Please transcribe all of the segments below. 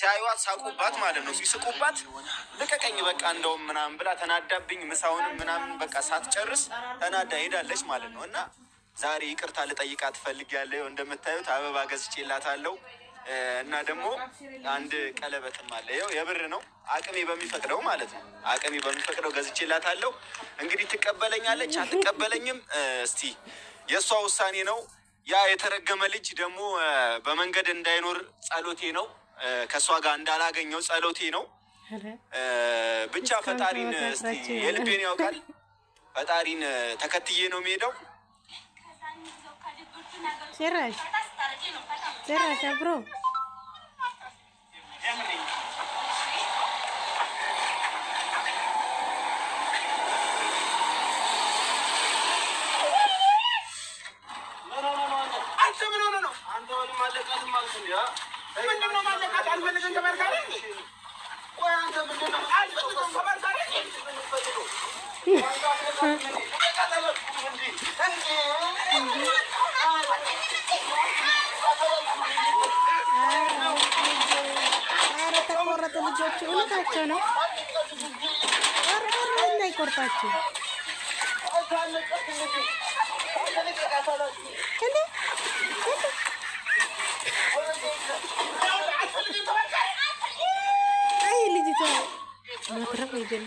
ሲያዩዋት ሳቁባት ማለት ነው። ሲስቁባት ልቀቀኝ በቃ እንደውም ምናምን ብላ ተናዳብኝ ምሳውንም ምናምን በቃ ሳትጨርስ ተናዳ ሄዳለች ማለት ነው። እና ዛሬ ይቅርታ ልጠይቃት እፈልጋለሁ። እንደምታዩት አበባ ገዝቼላታለሁ እና ደግሞ አንድ ቀለበትም አለ። ው የብር ነው አቅሜ በሚፈቅደው ማለት ነው። አቅሜ በሚፈቅደው ገዝቼላታለሁ። እንግዲህ ትቀበለኛለች አትቀበለኝም፣ እስቲ የእሷ ውሳኔ ነው። ያ የተረገመ ልጅ ደግሞ በመንገድ እንዳይኖር ጸሎቴ ነው። ከእሷ ጋር እንዳላገኘው ጸሎቴ ነው። ብቻ ፈጣሪን እስቲ የልቤን ያውቃል። ፈጣሪን ተከትዬ ነው የሚሄደው። ጭራሽ ጭራሽ አብሮ ಕೊಡ್ತಾಯಿತ್ತು ನಾನು ಕೊಡ್ತಾ ಇತ್ತು ಇಲ್ಲಿದ್ದಿತ್ತು ಮಾತ್ರ ಇದೆಲ್ಲ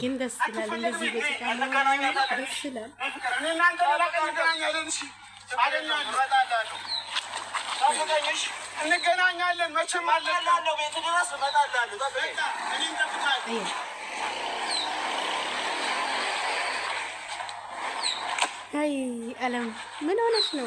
ግን ደስ ይላል። እንደዚህ በጭቃ ደስ ይላል። እንገናኛለን መቼም አለላለሁ። ቤት አይ አለም ምን ሆነች ነው?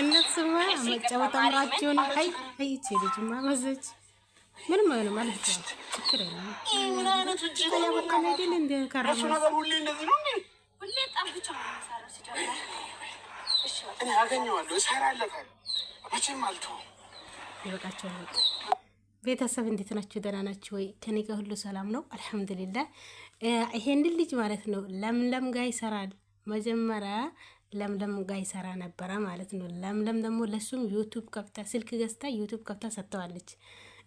እነሱማ መጫወት አምራችሁ ነው። አይ አይ ይቺ ልጅማ መዘች ምንም አይሆንም ማለት ነው። ችግር የለም። ቤተሰብ እንዴት ናችሁ? ደህና ናችሁ ወይ? ከኔ ጋር ሁሉ ሰላም ነው አልሐምዱሊላህ። ይሄንን ልጅ ማለት ነው ለምለም ጋር ይሰራል መጀመሪያ ለምለም ጋ ይሰራ ነበረ ማለት ነው። ለምለም ደግሞ ለሱም ዩቱብ ከፍታ ስልክ ገዝታ ዩቱብ ከፍታ ሰጥተዋለች።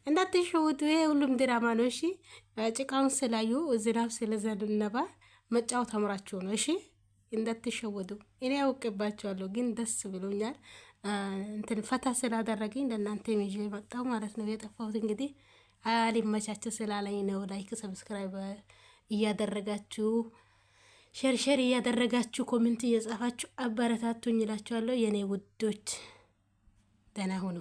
እንዳትሸውቱ፣ ይሄ ሁሉም ድራማ ነው። እሺ ጭቃውን ስላዩ ዝናብ ስለዘነበ መጫወት አምራችሁ ነው። እሺ እንዳትሸወዱ። እኔ ያውቅባቸዋለሁ፣ ግን ደስ ብሎኛል። እንትን ፈታ ስላደረገኝ ለእናንተ ሚዥ መጣው ማለት ነው። የጠፋሁት እንግዲህ አሊመቻቸው ስላለኝ ነው። ላይክ ሰብስክራይብ እያደረጋችሁ ሸርሸር እያደረጋችሁ ኮሜንት እየጻፋችሁ አበረታቱኝ እላችኋለሁ። የእኔ ውዶች ደህና ሁኑ።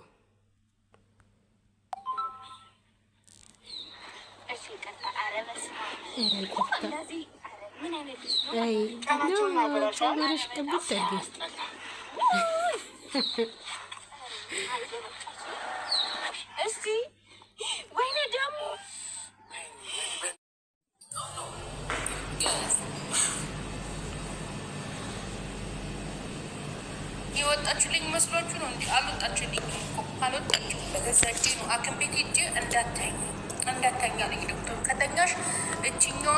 የወጣችሁልኝ መስሏችሁ ነው? እንዲ አልወጣችሁልኝ። አልወጣችሁ በገዛ እጄ ነው ሐኪም ቤት ሂጅ እንዳተኝ እንዳተኛ ልኝ ዶክተሩ ከተኛሽ እችኛዋ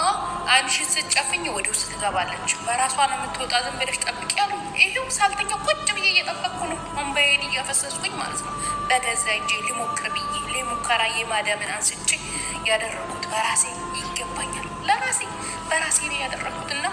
አንሽን ስትጨፍኝ ወደ ውስጥ ትገባለች። በራሷ ነው የምትወጣ። ዝም ብለሽ ጠብቂ ያሉ። ይሄው ሳልተኛ ቁጭ ብዬ እየጠበቅኩ ነው፣ እንባዬን እያፈሰስኩኝ ማለት ነው። በገዛ እጄ ሊሞክር ብዬ ሊሙከራ የማዳምን አንስቼ ያደረጉት በራሴ ይገባኛል። ለራሴ በራሴ ነው ያደረጉትና